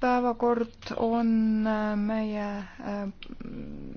päevakord on äh, meie äh,